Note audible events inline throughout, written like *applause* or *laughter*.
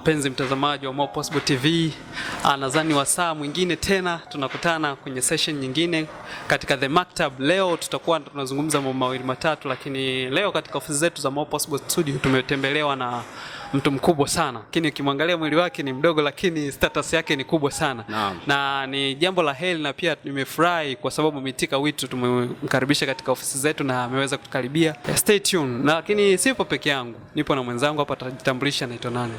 mpenzi mtazamaji wa More Possible TV, ah, nadhani wasaa mwingine tena tunakutana kwenye session nyingine katika the Maktab. Leo tutakuwa tunazungumza mambo mawili matatu, lakini leo katika ofisi zetu za More Possible Studio tumetembelewa na mtu mkubwa sana, lakini ukimwangalia mwili wake ni mdogo, lakini status yake ni kubwa sana na, na ni jambo la heri, na pia nimefurahi kwa sababu Mitika Witu tumemkaribisha katika ofisi zetu na ameweza kutukaribia. Stay tuned, Na lakini sipo peke yangu, nipo na mwenzangu hapa, atajitambulisha. anaitwa nani?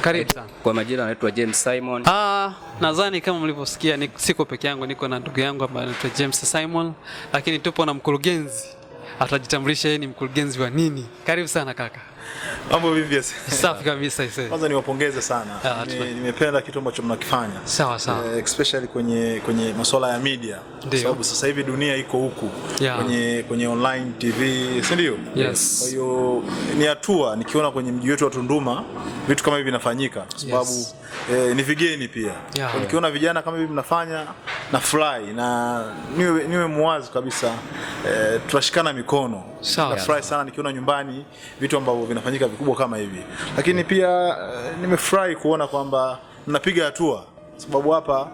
Karibu sana. Eh, kwa majina anaitwa James Simon. Ah, nadhani kama mlivyosikia ni, siko peke yangu, niko na ndugu yangu ambaye anaitwa James Simon, lakini tupo na mkurugenzi, atajitambulisha yeye ni mkurugenzi wa nini. Karibu sana kaka. Mambo vipi? Safi kabisa Kwanza niwapongeze sana. Ah, nimependa kitu ambacho mnakifanya. Sawa sawa. Eh, especially kwenye kwenye masuala ya media. Kwa sababu sasa hivi dunia iko huku. Yeah. Kwenye kwenye online TV, si ndio? Yes. Kwa hiyo ni hatua nikiona kwenye mji wetu wa Tunduma vitu kama hivi vinafanyika kwa sababu yes. Eh, ni vigeni pia. Yeah. Kwa nikiona vijana kama hivi mnafanya na fly na niwe niwe muwazi kabisa eh, tunashikana mikono nafurahi sana nikiona nyumbani vitu ambavyo vinafanyika vikubwa kama hivi, lakini pia eh, nimefurahi kuona kwamba mnapiga hatua, sababu hapa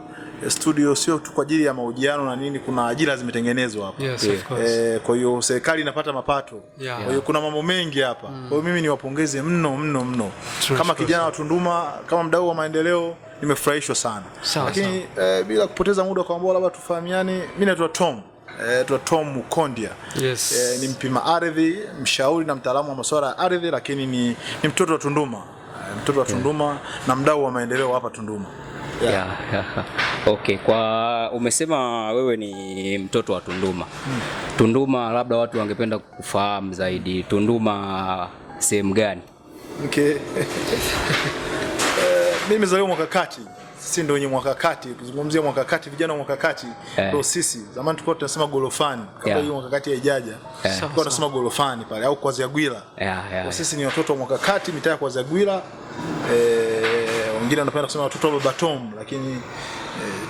eh, studio sio tu kwa ajili ya mahojiano na nini, kuna ajira zimetengenezwa hapa yes, yeah. E, kwa hiyo serikali inapata mapato yeah. Kwa hiyo kuna mambo mengi hapa mm. Kwa hiyo mimi niwapongeze mno mno mno True, kama kijana wa Tunduma, kama mdau wa maendeleo nimefurahishwa sana sawa, lakini sawa. E, bila kupoteza muda kwa mbona labda tufahamiane, mimi naitwa Tom anaitwa Tom Mukondia. Yes. E, ni mpima ardhi, mshauri na mtaalamu wa masuala ya ardhi, lakini ni, ni mtoto wa Tunduma, e, mtoto wa Tunduma yeah. na mdau wa maendeleo hapa Tunduma. Yeah. Yeah, yeah. Okay, kwa umesema wewe ni mtoto wa Tunduma. Hmm. Tunduma labda watu wangependa kufahamu zaidi. Tunduma sehemu gani? Okay. *laughs* E, mimi mzaliwa mwaka kati sisi ndio wenye mwakakati. Ukizungumzia mwakakati, vijana wa mwakakati eh. ndio sisi. Zamani tulikuwa tunasema golofani, kabla hiyo mwakakati haijaja, eh. tulikuwa tunasema golofani pale au kwa Zagwila. Kwa sisi ni watoto wa mwakakati, mitaa kwa Zagwila. Eh, wengine wanapenda kusema watoto wa Babatom, lakini eh,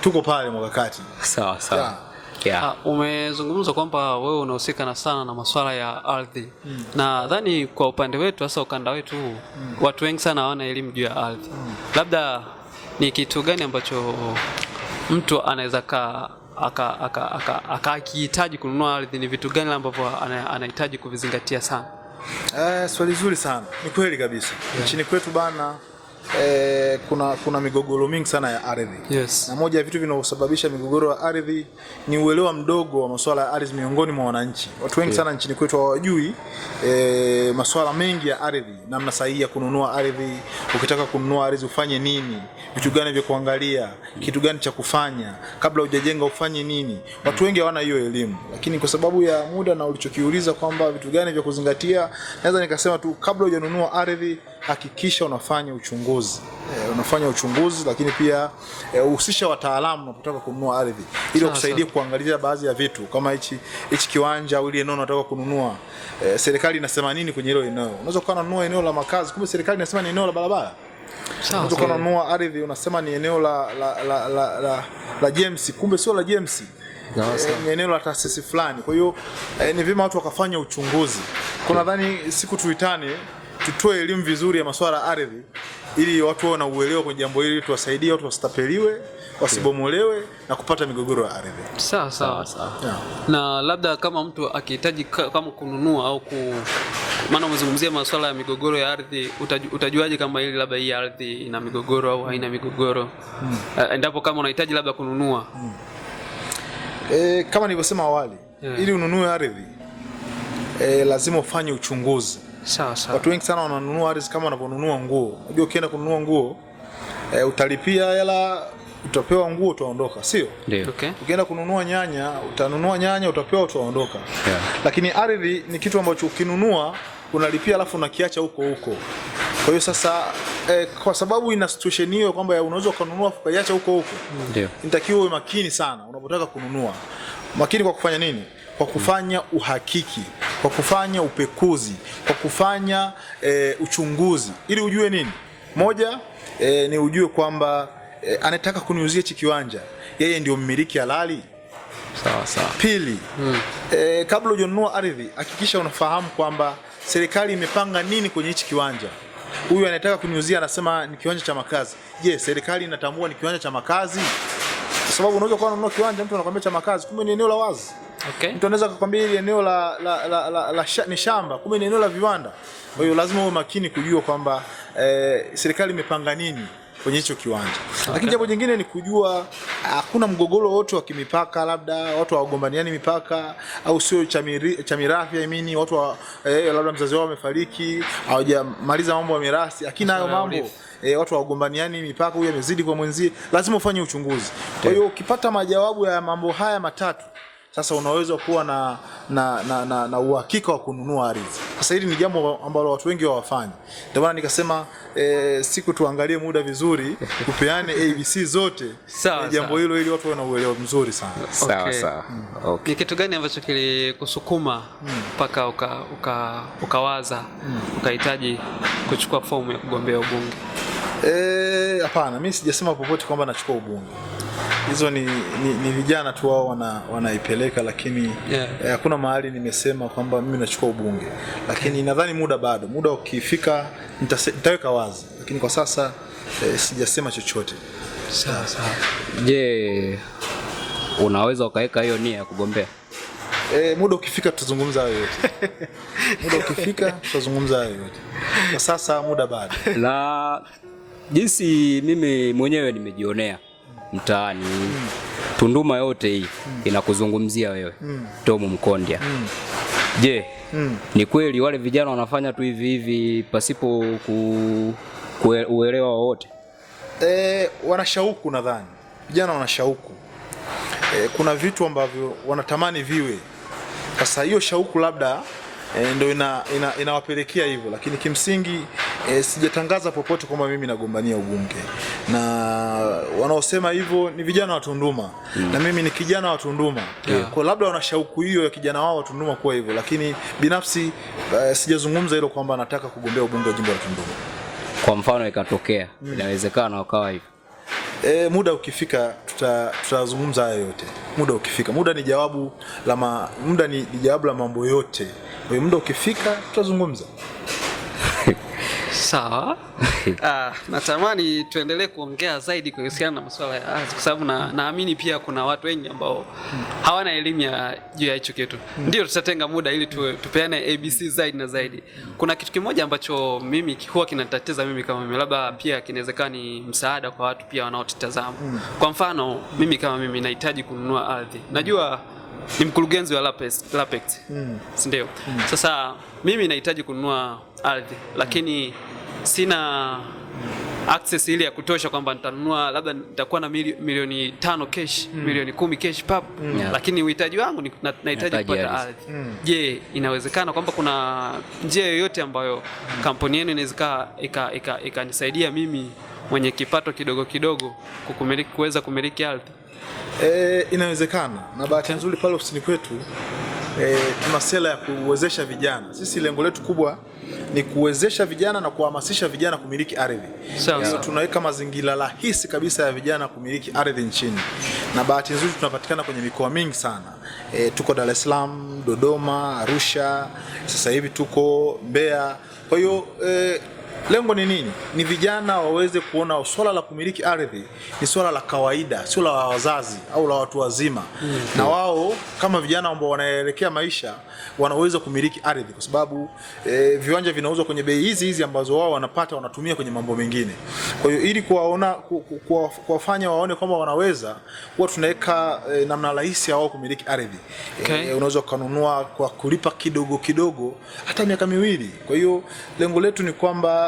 tuko pale mwakakati. Sawa sawa. Yeah. Ah, umezungumza kwamba wewe unahusika na sana na masuala ya ardhi mm. Nadhani kwa upande wetu hasa ukanda wetu mm. Watu wengi sana hawana elimu juu ya ardhi mm. labda ni kitu gani ambacho mtu anaweza akakihitaji kununua ardhi? Ni vitu gani ambavyo anahitaji kuvizingatia sana? Eh, swali zuri sana. Ni kweli kabisa. Yeah. kwetu bana eh, kuna kuna migogoro mingi sana ya ardhi yes. Na moja ya vitu vinavyosababisha migogoro ya ardhi ni uelewa mdogo wa masuala ya ardhi miongoni mwa wananchi. Watu wengi yeah, sana nchini kwetu hawajui eh, masuala mengi ya ardhi, namna sahihi ya kununua ardhi, ukitaka kununua ardhi ufanye nini, vitu gani vya kuangalia, kitu gani cha kufanya kabla hujajenga ufanye nini. Watu wengi hawana hiyo elimu, lakini kwa sababu ya muda na ulichokiuliza kwamba vitu gani vya kuzingatia, naweza nikasema tu kabla hujanunua ardhi hakikisha unafanya uchunguzi e, unafanya uchunguzi, lakini pia eh, uhusisha e, wataalamu unapotaka kununua ardhi ili kusaidia kuangalia baadhi ya vitu kama hichi hichi kiwanja au ile eneo unataka kununua e, serikali inasema nini kwenye hilo eneo. Unaweza kuwa unanunua eneo la makazi, kumbe serikali inasema ni eneo la barabara. Unaweza kuwa unanunua ardhi unasema ni eneo la la la, la, la, la James, kumbe sio la James ni eneo la taasisi fulani. Kwa hiyo eh, ni vyema watu wakafanya uchunguzi. Kwa nadhani siku tuitane tutoe elimu vizuri ya masuala ya ardhi ili watu wao na uelewa kwenye jambo hili, tuwasaidie watu wasitapeliwe, wasibomolewe na kupata migogoro ya ardhi. Sawa sawa sawa. Na labda kama mtu akihitaji kama kununua au ku maana umezungumzia masuala ya migogoro ya ardhi, utajuaje kama hili labda hii ardhi ina migogoro au haina migogoro? Hmm. Eh, endapo kama unahitaji labda kununua. Hmm. E, kama nilivyosema awali, yeah. Ili ununue ardhi e, lazima ufanye uchunguzi sawa sawa. Watu wengi sana wananunua ardhi kama wanavyonunua nguo. Unajua ukienda kununua nguo e, utalipia hela utapewa nguo utaondoka, sio ndio? Okay. Ukienda kununua nyanya utanunua nyanya utapewa utaondoka, yeah. Lakini ardhi ni kitu ambacho ukinunua unalipia alafu unakiacha huko huko. Kwa hiyo sasa eh, kwa sababu ina situation hiyo kwamba unaweza ukanunua ukaiacha huko huko, ndio inatakiwa uwe makini sana unapotaka kununua. Makini kwa kufanya nini? Kwa kufanya uhakiki kwa kufanya upekuzi, kwa kufanya e, uchunguzi ili ujue nini moja e, ni ujue kwamba e, anataka kuniuzia hichi kiwanja yeye ndio mmiliki halali. Sawa sawa. Pili, hmm. e, kabla hujanunua ardhi hakikisha unafahamu kwamba serikali imepanga nini kwenye hichi kiwanja. Huyu anataka kuniuzia anasema ni kiwanja cha makazi. Je, serikali inatambua ni kiwanja cha makazi? sababu unaweza kuwa unanunua kiwanja mtu anakuambia cha makazi, kumbe ni eneo la wazi. Okay. Mtu anaweza kukwambia ile eneo la la, la, la, la sh ni shamba, kumbe ni eneo la viwanda. Kwa hiyo lazima uwe makini kujua kwamba eh, serikali imepanga nini kwenye hicho kiwanja. Okay. Lakini jambo jingine ni kujua hakuna mgogoro wote wa kimipaka, labda watu hawagombaniani mipaka au sio cha mirathi ya imini, watu wa, eh, labda mzazi wao amefariki hawajamaliza mambo ya mirathi, lakini hayo mambo e, watu wagombaniani mipaka, huyu amezidi kwa mwenzie, lazima ufanye uchunguzi. Kwa hiyo ukipata majawabu ya mambo haya matatu sasa unaweza kuwa na, na, na, na, na uhakika wa kununua ardhi. Sasa hili ni jambo ambalo watu wengi hawafanyi, ndio maana nikasema e, siku tuangalie muda vizuri, kupeane *laughs* abc zote eh, sawa, jambo hilo ili watu wawe na uelewa mzuri sana. Sawa sawa. Okay. Mm. Ni kitu gani ambacho kilikusukuma mm. mpaka uka, uka, ukawaza mm. ukahitaji kuchukua fomu ya kugombea ubunge? E, hapana, e, mi sijasema popote kwamba nachukua ubunge. Hizo ni, ni, ni vijana tu wao wana, wanaipeleka, lakini eh, hakuna yeah. E, mahali nimesema kwamba mimi nachukua ubunge, lakini okay. Nadhani muda bado, muda ukifika nitaweka wazi, lakini kwa sasa e, sijasema chochote. Sawa sawa. Je, unaweza ukaweka hiyo nia ya kugombea? E, muda ukifika tutazungumza hayo yote. *laughs* Muda ukifika tutazungumza hayo yote. Kwa sasa muda bado. La jinsi mimi mwenyewe nimejionea mtaani mm. Tunduma yote hii mm. inakuzungumzia wewe mm. Tomu Mkondya mm. Je, mm. ni kweli wale vijana wanafanya tu hivi hivi pasipo ku, uelewa wowote? E, wanashauku nadhani vijana wanashauku e, kuna vitu ambavyo wanatamani viwe. Sasa hiyo shauku labda e, ndio inawapelekea ina, ina hivyo, lakini kimsingi e, sijatangaza popote kwamba mimi nagombania ubunge, na wanaosema hivyo ni vijana wa Tunduma mm. na mimi ni kijana wa Tunduma yeah. Kwa labda wana shauku hiyo ya kijana wao wa Tunduma kuwa hivyo, lakini binafsi e, sijazungumza hilo kwamba nataka kugombea ubunge wa jimbo la Tunduma. Kwa mfano ikatokea mm. inawezekana wakawa hivyo e, muda ukifika tutazungumza tuta haya yote muda ukifika. Muda ni jawabu la ma, muda ni jawabu la mambo yote. Muda ukifika tutazungumza. Sawa. *laughs* Ah, natamani tuendelee kuongea zaidi kuhusiana na masuala ya ardhi kwa sababu naamini na, pia kuna watu wengi ambao hawana elimu ya juu ya hicho kitu. Ndio tutatenga muda ili tu, tupeane ABC zaidi na zaidi. Kuna kitu kimoja ambacho mimi huwa kinatatiza mimi kama mimi, labda pia kinawezekana ni msaada kwa watu pia wanaotazama. Kwa mfano, mimi kama mimi nahitaji kununua ardhi. Najua ni mkurugenzi wa Lapex, Lapex. Mm. Si ndio? Mm. Sasa mimi nahitaji kununua ardhi lakini mm sina access ile ya kutosha kwamba nitanunua labda nitakuwa na milioni tano cash mm. milioni kumi cash pap mm. yeah. Lakini uhitaji wangu nahitaji na kupata ardhi mm. Je, inawezekana kwamba kuna njia yoyote ambayo mm. kampuni yenu inaweza ikanisaidia mimi mwenye kipato kidogo kidogo kukumiliki kuweza kumiliki ardhi? E, inawezekana, na bahati nzuri pale ofisini kwetu e, tuna sera ya kuwezesha vijana. Sisi lengo letu kubwa ni kuwezesha vijana na kuhamasisha vijana kumiliki ardhi. Hiyo tunaweka mazingira rahisi kabisa ya vijana kumiliki ardhi nchini, na bahati nzuri tunapatikana kwenye mikoa mingi sana e, tuko Dar es Salaam, Dodoma, Arusha, sasa hivi tuko Mbeya. Kwa hiyo e, Lengo ni nini? Ni vijana waweze kuona swala la kumiliki ardhi ni swala la kawaida, sio la wazazi au la watu wazima mm. na wao kama vijana ambao wanaelekea maisha wanaweza kumiliki ardhi kwa sababu e, viwanja vinauzwa kwenye bei hizi hizi ambazo wao wanapata wanatumia kwenye mambo mengine. Kwa hiyo ili kuwaona kuwafanya waone kwamba wanaweza, huwa tunaweka e, namna rahisi ya wao kumiliki ardhi okay. Eh, unaweza ukanunua kwa kulipa kidogo kidogo hata miaka miwili. Kwa hiyo lengo letu ni kwamba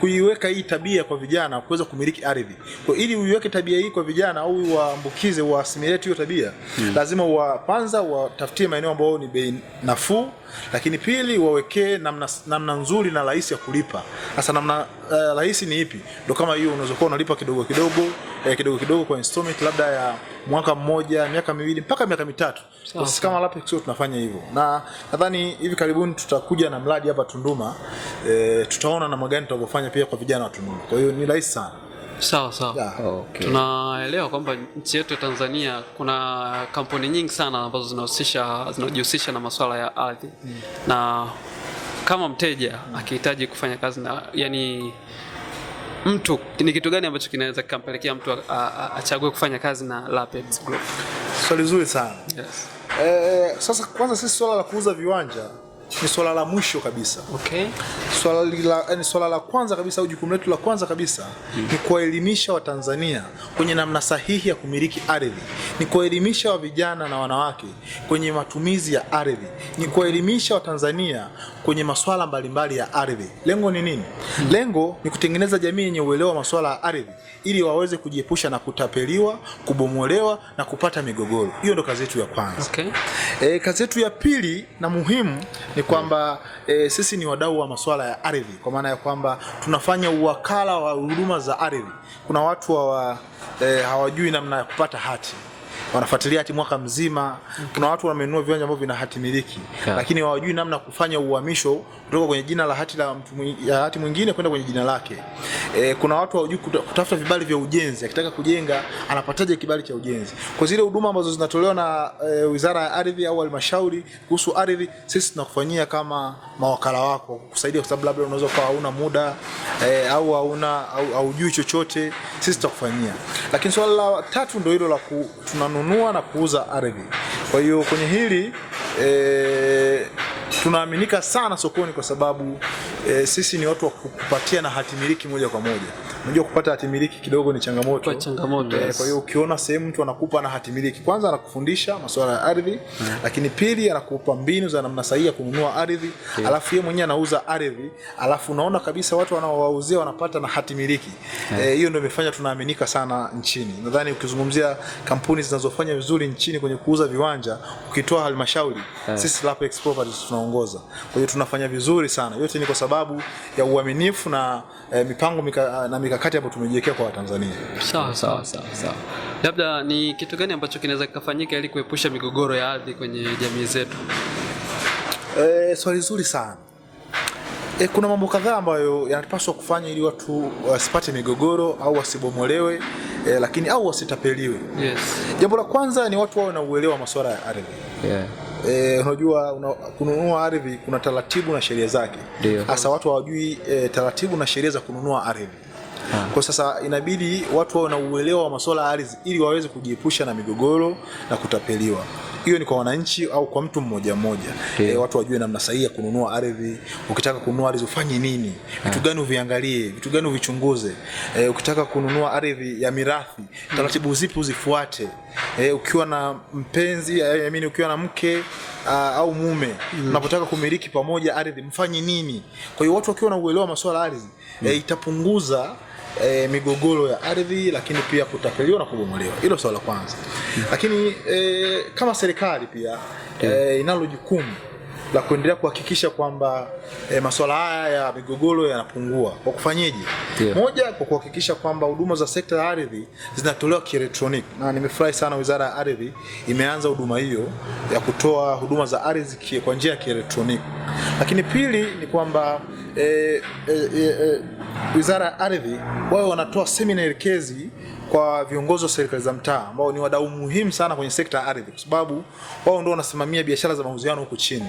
kuiweka hii tabia kwa vijana kuweza kumiliki ardhi. Kwa ili uiweke tabia hii kwa vijana au uwaambukize, uwaassimilate hiyo tabia hmm. lazima wa kwanza watafutie maeneo ambayo ni bei nafuu lakini pili, wawekee namna, namna nzuri na rahisi ya kulipa. Sasa namna eh, rahisi ni ipi? Ndio kama hiyo, unaweza kuwa unalipa kidogo kidogo eh, kidogo kidogo kwa installment labda ya mwaka mmoja, miaka miwili mpaka miaka mitatu. Sisi kama sio tunafanya hivyo, na nadhani hivi karibuni tutakuja na mradi hapa Tunduma eh, tutaona namna gani tutavyofanya pia kwa vijana wa Tunduma. Kwa hiyo ni rahisi sana. Sawa sawa, ah, okay. Tunaelewa kwamba nchi yetu ya Tanzania kuna kampuni nyingi sana ambazo zinahusisha zinajihusisha na masuala ya ardhi mm. na kama mteja mm. akihitaji kufanya kazi na yani mtu ni kitu gani ambacho kinaweza kikampelekea mtu achague kufanya kazi na Lapex Group? Swali zuri sana yes. Eh, sasa kwanza sisi swala la kuuza viwanja ni swala la mwisho kabisa. Okay. Swala la yani, swala la kwanza kabisa au jukumu letu la kwanza kabisa hmm. ni kuwaelimisha Watanzania kwenye namna sahihi ya kumiliki ardhi, ni kuwaelimisha wa vijana na wanawake kwenye matumizi ya ardhi, ni kuwaelimisha Watanzania kwenye maswala mbalimbali ya ardhi. Lengo ni nini? Hmm. Lengo ni kutengeneza jamii yenye uelewa wa maswala ya ardhi ili waweze kujiepusha na kutapeliwa, kubomolewa na kupata migogoro. Hiyo ndo kazi yetu ya kwanza. Okay. E, kazi yetu ya pili na muhimu ni ni kwamba e, sisi ni wadau wa masuala ya ardhi, kwa maana ya kwamba tunafanya uwakala wa huduma za ardhi. Kuna watu wa, e, eh, hawajui namna ya kupata hati wanafuatilia hati mwaka mzima. Kuna watu wamenunua viwanja ambavyo vina hati miliki yeah, lakini hawajui namna kufanya uhamisho kutoka kwenye jina la hati la mtu ya hati mwingine kwenda kwenye jina lake. E, kuna watu hawajui kutafuta vibali vya ujenzi. Akitaka kujenga anapataje kibali cha ujenzi? Kwa zile huduma ambazo zinatolewa na e, Wizara ya Ardhi au Halmashauri kuhusu ardhi, sisi tunakufanyia kama mawakala wako kukusaidia, kwa sababu labda unaweza kuwa hauna muda e, au hauna au hujui chochote, sisi tutakufanyia. Lakini swala la tatu ndio hilo la ku, tunanunua na kuuza ardhi. Kwa hiyo kwenye hili e, tunaaminika sana sokoni kwa sababu e, sisi ni watu wa kupatia na hatimiliki moja kwa moja unajua kupata hatimiliki kidogo ni changamoto kwa changamoto eh, yes. Kwa hiyo ukiona sehemu mtu anakupa na hatimiliki, kwanza anakufundisha masuala ya ardhi yeah. Lakini pili anakupa mbinu za namna sahihi ya kununua ardhi yeah. Alafu yeye mwenyewe anauza ardhi, alafu unaona kabisa watu wanaowauzia wanapata na hatimiliki eh, hiyo yeah. E, ndio imefanya tunaaminika sana nchini. Nadhani ukizungumzia kampuni zinazofanya vizuri nchini kwenye kuuza viwanja ukitoa halmashauri yeah. Sisi Lapex Properties tunaongoza, kwa hiyo tunafanya vizuri sana. Yote ni kwa sababu ya uaminifu na eh, mipango mika, na mika mikakati ambayo tumejiwekea kwa Watanzania. Sawa sawa sawa sawa. Labda ni kitu gani ambacho kinaweza kikafanyika ili kuepusha migogoro ya ardhi kwenye jamii zetu? E, swali zuri sana. E, kuna mambo kadhaa ambayo yanapaswa kufanya ili watu wasipate migogoro au wasibomolewe e, lakini au wasitapeliwe. Yes. Jambo la kwanza ni watu wawe na uelewa wa masuala ya ardhi. Yeah. E, unajua una, kununua ardhi kuna taratibu na sheria zake. Hasa watu hawajui e, taratibu na sheria za kununua ardhi. Kwa sasa inabidi watu wawe na uelewa wa masuala ya ardhi ili waweze kujiepusha na migogoro na kutapeliwa. Hiyo ni kwa wananchi au kwa mtu mmoja mmoja. Okay. E, eh, watu wajue namna sahihi ya kununua ardhi. Ukitaka kununua ardhi ufanye nini? Vitu ah. gani uviangalie? Vitu gani uvichunguze? E, ukitaka kununua ardhi ya mirathi, taratibu zipi uzifuate? E, ukiwa na mpenzi, I mean, ukiwa na mke uh, au mume mm. unapotaka mm. kumiliki pamoja ardhi mfanye nini? Kwa hiyo watu wakiwa na uelewa masuala ardhi mm. e, itapunguza e, migogoro ya ardhi, lakini pia kutapeliwa na kubomolewa. Hilo swala la kwanza, lakini e, kama serikali pia e, inalo jukumu la kuendelea kuhakikisha kwamba e, eh, masuala haya ya migogoro yanapungua kwa kufanyeje? Yeah. Moja, kwa kuhakikisha kwamba huduma za sekta ya ardhi zinatolewa kielektroniki, na nimefurahi sana Wizara ya Ardhi imeanza huduma hiyo ya kutoa huduma za ardhi kwa njia ya kielektroniki. Lakini pili ni kwamba e, e, e, Wizara ya Ardhi wao wanatoa semina elekezi kwa viongozi wa serikali za mtaa ambao ni wadau muhimu sana kwenye sekta ya ardhi, kwa sababu wao ndio wanasimamia biashara za mahusiano huko chini.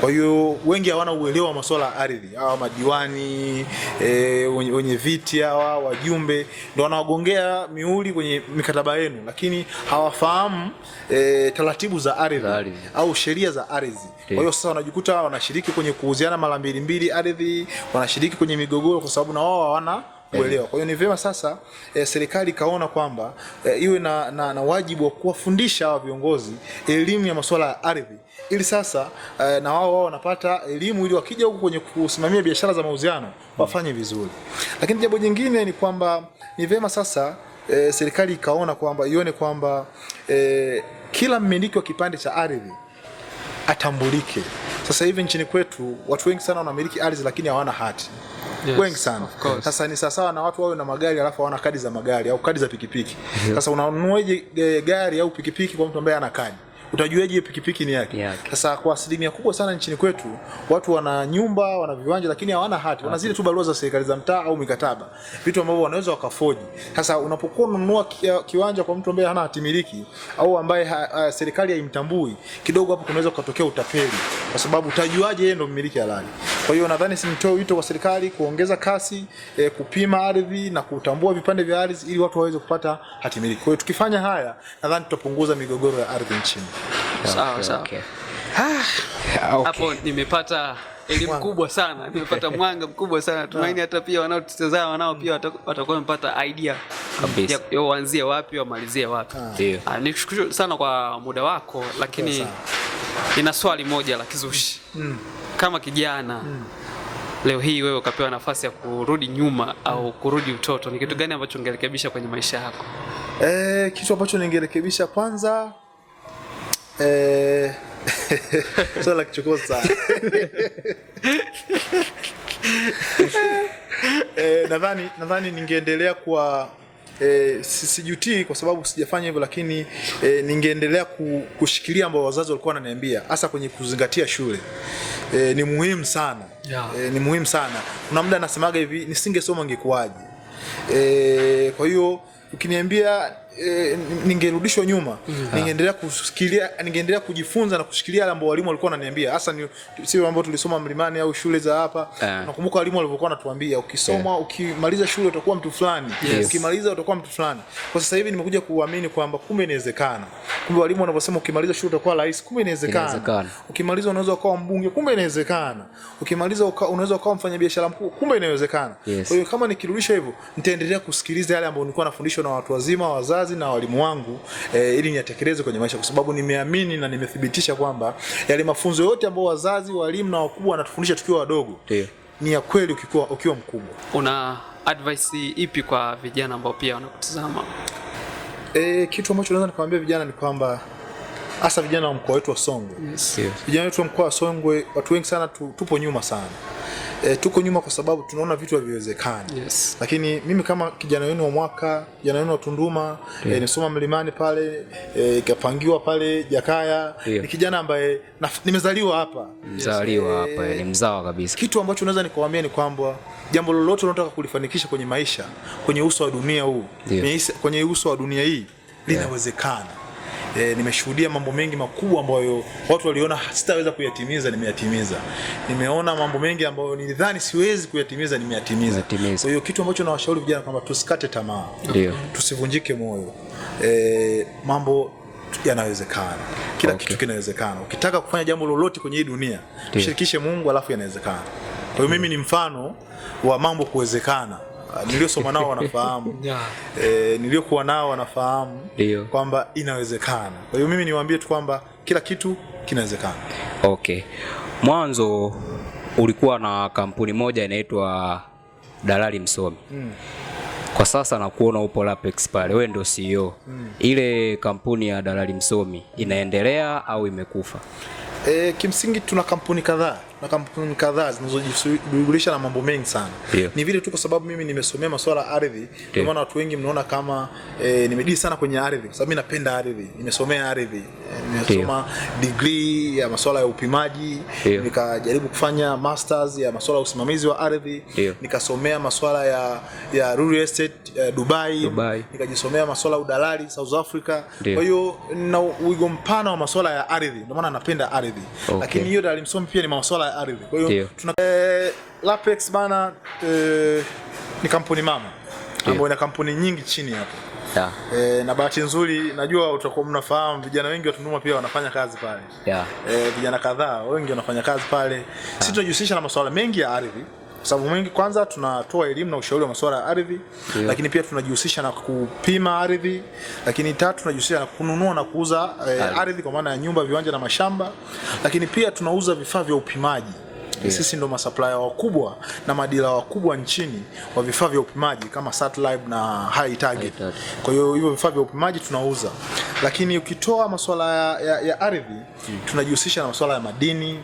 Kwa hiyo wengi hawana uelewa wa masuala ya ardhi. Hawa madiwani e, wenye viti hawa wajumbe ndio wanawagongea miuli kwenye mikataba yenu, lakini hawafahamu e, taratibu za ardhi au sheria za ardhi. Kwa hiyo sasa wanajikuta wanashiriki kwenye kuuziana mara mbili mbili ardhi, wanashiriki kwenye migogoro kwa sababu na wao hawana kuelewa. Kwa hiyo ni vema sasa eh, serikali ikaona kwamba eh, iwe na, na, na wajibu wa kuwafundisha hawa viongozi elimu ya masuala ya ardhi ili sasa eh, na wao wao wanapata elimu ili wakija huku kwenye kusimamia biashara za mauziano wafanye vizuri. Lakini jambo jingine ni kwamba ni vema sasa eh, serikali ikaona kwamba ione kwamba eh, kila mmiliki wa kipande cha ardhi atambulike. Sasa hivi nchini kwetu watu wengi sana wanamiliki ardhi lakini hawana hati yes, wengi sana. Sasa ni sawasawa na watu wawe na magari alafu hawana kadi za magari au kadi za pikipiki. Sasa unanunuaje eh, gari au pikipiki kwa mtu ambaye ana kadi? utajuaje pikipiki ni yake? Yake. Sasa kwa asilimia kubwa sana nchini kwetu watu wana nyumba, wana viwanja lakini hawana hati. Wana zile tu barua za serikali za mtaa au mikataba. Vitu ambavyo wanaweza wakafoji. Sasa unapokuwa unanunua kiwanja kwa mtu ambaye hana hati miliki au ambaye ha, ha, serikali haimtambui, kidogo hapo kunaweza kutokea utapeli kwa sababu utajuaje yeye ndo mmiliki halali. Kwa hiyo nadhani si simtoe wito kwa serikali kuongeza kasi, e, kupima ardhi na kutambua vipande vya ardhi ili watu waweze kupata hati miliki. Kwa hiyo tukifanya haya nadhani tutapunguza migogoro ya ardhi nchini sawa sawa okay. Ah, ah, okay. Hapo nimepata elimu kubwa sana, nimepata *laughs* mwanga mkubwa sana. Tumaini ah. hata pia wanaotutazama nao pia watakuwa wamepata idea kabisa waanzie wapi wamalizie wapi. Ah, ah nikushukuru sana kwa muda wako, lakini ina swali moja la kizushi mm. Kama kijana mm. Leo hii wewe ukapewa nafasi ya kurudi nyuma mm. au kurudi utoto, ni kitu mm. gani ambacho ungerekebisha kwenye maisha yako? Eh, kitu ambacho ningerekebisha kwanza Eh, *laughs* swala la *laughs* eh, nadhani nadhani ningeendelea kuwa E, sijutii kwa sababu sijafanya hivyo, lakini e, ningeendelea kushikilia ambao wazazi walikuwa wananiambia, hasa kwenye kuzingatia shule. E, ni muhimu sana yeah. E, ni muhimu sana. Kuna muda anasemaga hivi, nisingesoma ngekuwaji E, kwa hiyo ukiniambia Eh, ningerudishwa nyuma mm. ah. ningeendelea kusikilia, ningeendelea kujifunza na kushikilia yale ambao walimu walikuwa wananiambia, hasa ni sio ambao tulisoma mlimani au shule za hapa. Ah. Nakumbuka walimu walivyokuwa wanatuambia ukisoma, yeah. ukimaliza shule utakuwa mtu fulani yes. ukimaliza utakuwa mtu fulani. Kwa sasa hivi nimekuja kuamini kwamba kumbe inawezekana, kumbe walimu wanaposema ukimaliza shule utakuwa rais, kumbe inawezekana. Ukimaliza unaweza ukawa mbunge, kumbe inawezekana. Ukimaliza unaweza ukawa mfanyabiashara mkuu, kumbe inawezekana. Kwa hiyo kama nikirudisha hivyo, nitaendelea kusikiliza yale ambayo nilikuwa nafundishwa na watu wazima, wazazi wazazi na walimu wangu e, ili niyatekeleze kwenye maisha, kwa sababu nimeamini na nimethibitisha kwamba yale mafunzo yote ambayo wazazi, walimu na wakubwa wanatufundisha tukiwa wadogo ni ya kweli ukikuwa, ukiwa mkubwa. Una advice ipi kwa vijana ambao pia wanakutazama? E, eh, kitu ambacho naweza nikamwambia vijana ni kwamba hasa vijana wa mkoa wetu wa Songwe, yes. Vijana wetu wa mkoa wa Songwe watu wengi sana tu, tupo nyuma sana e, tuko nyuma kwa sababu tunaona vitu haviwezekani. Yes. Lakini mimi kama kijana wenu wa mwaka, kijana wenu wa Tunduma, yeah. E, eh, nisoma Mlimani pale, e, eh, kapangiwa pale Jakaya, yeah. Ni kijana ambaye nimezaliwa hapa. Mzaliwa hapa, ni mzawa kabisa. Kitu ambacho naweza nikuambia ni kwamba jambo lolote unataka kulifanikisha kwenye maisha, kwenye uso wa dunia huu, yeah. Kwenye uso wa dunia hii linawezekana e, nimeshuhudia mambo mengi makubwa ambayo watu waliona sitaweza kuyatimiza, nimeyatimiza. Nimeona mambo mengi ambayo nilidhani siwezi kuyatimiza, nimeyatimiza. Kwa hiyo kitu ambacho nawashauri vijana kwamba tusikate tamaa, ndio tusivunjike moyo e, mambo yanawezekana kila okay, kitu kinawezekana. Ukitaka kufanya jambo lolote kwenye hii dunia shirikishe Mungu, alafu yanawezekana. Kwa hiyo mimi ni mfano wa mambo kuwezekana niliosoma nao wanafahamu *laughs* e, niliokuwa nao wanafahamu kwamba inawezekana. Kwa hiyo mimi niwaambie tu kwamba kila kitu kinawezekana. Okay, mwanzo ulikuwa na kampuni moja inaitwa Dalali Msomi mm. Kwa sasa nakuona upo Lapex pale, wewe ndio CEO mm. Ile kampuni ya Dalali Msomi inaendelea au imekufa? E, kimsingi tuna kampuni kadhaa na kampuni kadhaa zinazojishughulisha na mambo mengi sana yeah. Ni vile tu kwa sababu mimi nimesomea masuala ya ardhi yeah. maana watu wengi mnaona kama e, nimedii sana kwenye ardhi kwa sababu mimi napenda ardhi, nimesomea ardhi, nimesoma yeah. degree ya masuala ya upimaji yeah. Nikajaribu kufanya masters ya masuala ya usimamizi wa ardhi yeah. Nikasomea masuala ya, ya real estate ya e, Dubai, Dubai. Nikajisomea masuala ya udalali South Africa yeah. Kwa hiyo na uigo mpana wa masuala ya ardhi ndio maana napenda ardhi okay. Lakini hiyo dalimsomi pia ni masuala ya ardhi. Kwa hiyo tuna eh, Lapex bana eh, ni kampuni mama ambayo ina kampuni nyingi chini hapo. Yeah. E, na bahati nzuri najua utakuwa mnafahamu vijana wengi wa Tunduma pia wanafanya kazi pale. Yeah. E, vijana kadhaa wengi wanafanya kazi pale. Sisi tunajihusisha na masuala mengi ya ardhi sababu mwingi, kwanza tunatoa elimu na ushauri wa masuala ya ardhi yeah. Lakini pia tunajihusisha na kupima ardhi, lakini tatu tunajihusisha na kununua na kuuza eh, ardhi kwa maana ya nyumba, viwanja na mashamba, lakini pia tunauza vifaa vya upimaji yeah. Sisi ndo masupplier wakubwa na madila wakubwa nchini wa vifaa vya upimaji kama satellite na high target. Kwa hiyo hivyo vifaa vya upimaji tunauza, lakini ukitoa masuala ya, ya, ya ardhi hmm. tunajihusisha na masuala ya madini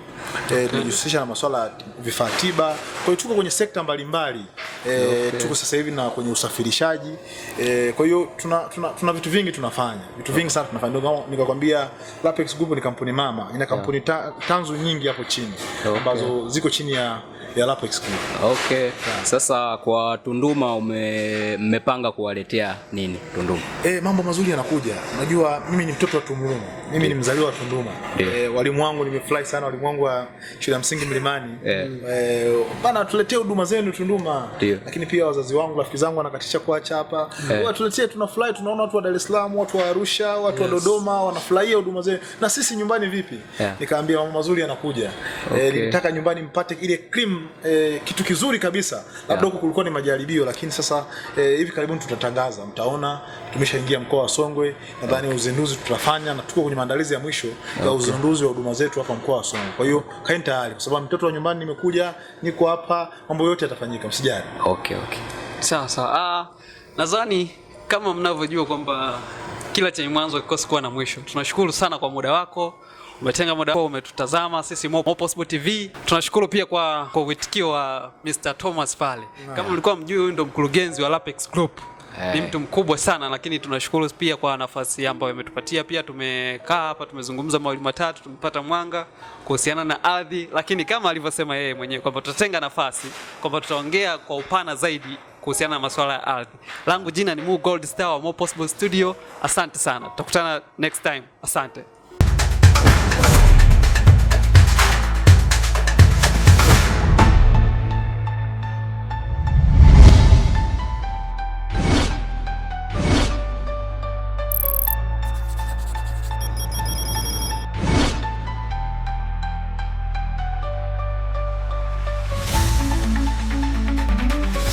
okay. eh, tunajihusisha na masuala ya vifaa tiba, kwa hiyo tuko kwenye sekta mbalimbali mbali eh, okay. Tuko sasa hivi na kwenye usafirishaji eh, kwa hiyo tuna, tuna, tuna vitu vingi tunafanya vitu vingi sana tunafanya, ndio nikakwambia Lapex Group ni kampuni mama, ina kampuni yeah. ta, tanzu nyingi hapo chini ambazo okay. ziko chini ya yalapo exclude. Okay. Yeah. Sasa kwa Tunduma ume, kuwaletea nini Tunduma? E, mambo mazuri yanakuja. Unajua mimi ni mtoto wa Tunduma. Mimi ni mzaliwa wa Tunduma. E, walimu wangu nimefurahi sana walimu wangu wa shule ya msingi Mlimani. Yeah. E, eh, bana tuletea huduma zenu Tunduma. Dio. Lakini pia wazazi wangu, rafiki zangu wanakatisha kuacha hapa. Yeah. Watuletee, tunafurahi tunaona watu wa Dar es Salaam, watu wa Arusha, watu yes, wa Dodoma wanafurahia huduma zenu. Na sisi nyumbani vipi? Yeah. Nikaambia mambo mazuri yanakuja. Okay. E, nilitaka nyumbani mpate ile cream eh, kitu kizuri kabisa labda Huko kulikuwa ni majaribio, lakini sasa hivi eh, hivi karibuni tutatangaza, mtaona tumeshaingia mkoa wa Songwe nadhani okay. Uzinduzi tutafanya na tuko kwenye maandalizi ya mwisho okay. ya uzinduzi wa huduma zetu hapa mkoa wa Songwe. Kwa hiyo kaeni tayari, kwa sababu mtoto wa nyumbani nimekuja, niko hapa, mambo yote yatafanyika, msijali. Okay, okay. Sawa sawa. Ah, nadhani kama mnavyojua kwamba kila chenye mwanzo kikosi kuwa na mwisho. Tunashukuru sana kwa muda wako umetenga muda wako umetutazama sisi Mopo Sport TV. Tunashukuru pia kwa kwa witikio wa Mr. Thomas pale. Kama ulikuwa mjui, huyu ndo mkurugenzi wa Lapex Group. Hey. Ni eh. mtu mkubwa sana lakini tunashukuru pia kwa nafasi ambayo imetupatia. Pia tumekaa hapa tumezungumza mawili matatu, tumepata mwanga kuhusiana na ardhi, lakini kama alivyosema yeye mwenyewe kwamba tutatenga nafasi kwamba tutaongea kwa upana zaidi kuhusiana na masuala ya ardhi. Langu jina ni Mu Gold Star wa Mo Possible Studio. Asante sana, tutakutana next time. Asante.